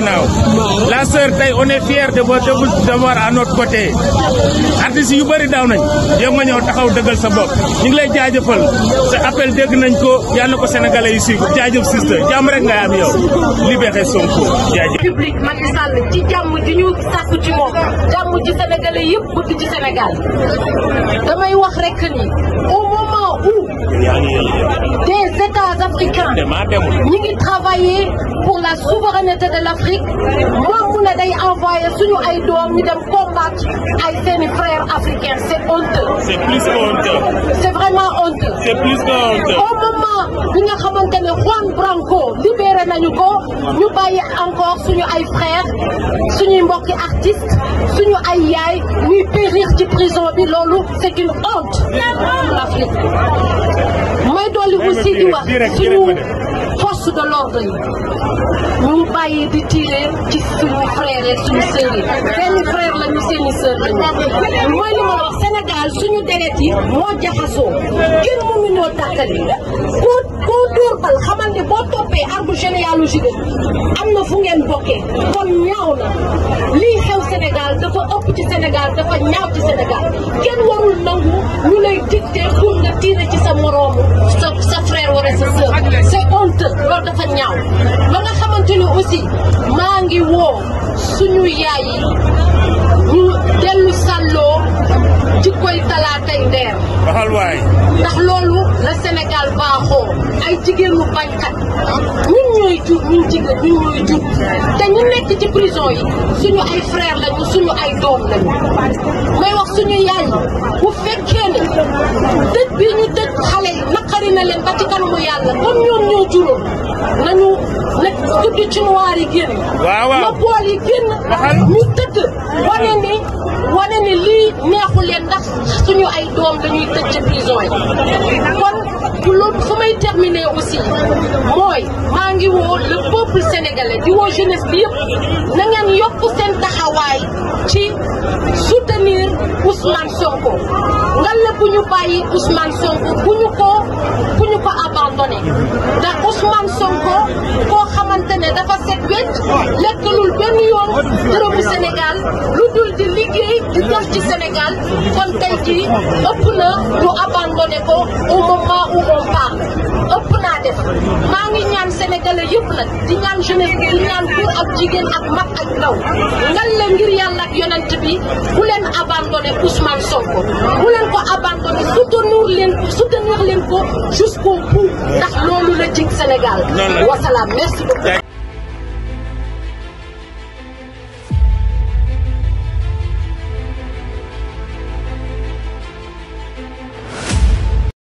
ginnaaw la sœur tey on est fier de vous de voir à notre côté yu bëri daaw nañ yow nga taxaw dëggal sa bopp ñu ngi lay jaajëfal sa appel dégg nañ ko yal na ko sénégalais yi suivre jaajëf sister jàmm rek ngay am yow libéré Sonko jaajëf public ci jàmm ji ñu sàkku ci moom jàmm ji sénégalais yëpp bëgg ci Sénégal damay wax rek ni au moment où des États africains ñi ngi travailler pour la souveraineté de l'Afrique moom mu ne day envoyé suñu ay doom ñu dem combattre ay seeni frères africains c' est honteux. plus que honteux. vraiment honteux. c' plus que honteux. moment bi nga xamante ne Juan Branco libéré nañu ko ñu bàyyi encore suñu ay frères suñuy mbokki artistes suñu ay yaay ñuy périr ci prison bi loolu c' une honte pour l'Afrique. damay dolli aussi di wax suñu force de l'ordre yi ñu di tirer ci suñu frères yi suñu sœurs yi seeni frère lañu seeni sœur lañu mooy li ma wax Sénégal suñu deret moo jaxasoo kenn mënu ñoo tàkkali koo koo dóor bal xamal ne boo toppee arbre généalogique am na fu ngeen kon ñaaw na dafa ëpp ci Sénégal dafa ñaaw ci Sénégal kenn warul nangu ñu lay dicté pour nga tiire ci sa moroomu sa sa frère wala sa sœur c'est honteux loolu dafa ñaaw ba nga xamante aussi maa ngi woo suñu yaay yi ñu dellu sàlloo ci koy talaatay ndeer waxal waay ndax loolu la Sénégal baaxoo ay jigéenu bañkat ñuy jur ñu suñu ay frère lañu suñu ay doom lañu may wax suñu yaay bu fekkee ne dëj bi ñu dëj xale yi nag na leen ba ci yàlla nañu na guddi ci noir yi génn. waaw bool yi génn. ñu tëdd wane ni wane ni lii neexu leen suñu ay doom dañuy tëj ci prison kon bu loolu fu may aussi mooy maa ngi woo le peuple sénégalais di woo jeunesse bi yëpp na yokk seen taxawaay ci soutenir Ousmane Sonko. bu ñu bàyyi Ousmane Sonko ñu ko bu ñu ko koo xamante dafa set wecc lekkalul benn yoon dërëmu Sénégal lu dul di liggéey di dol ci Sénégal kon tey jii ëpp na du abandonné ko sénégalais yëpp nag di ñaan jeunesse bi jigéen ak mag ak ndaw ngan la ngir yàlla ak bi bu leen abandonné Ousmane Sonko bu leen ko abandonné soutenir leen soutenir leen ko jusqu'au bout ndax loolu la jig Sénégal wasalaam merci beaucoup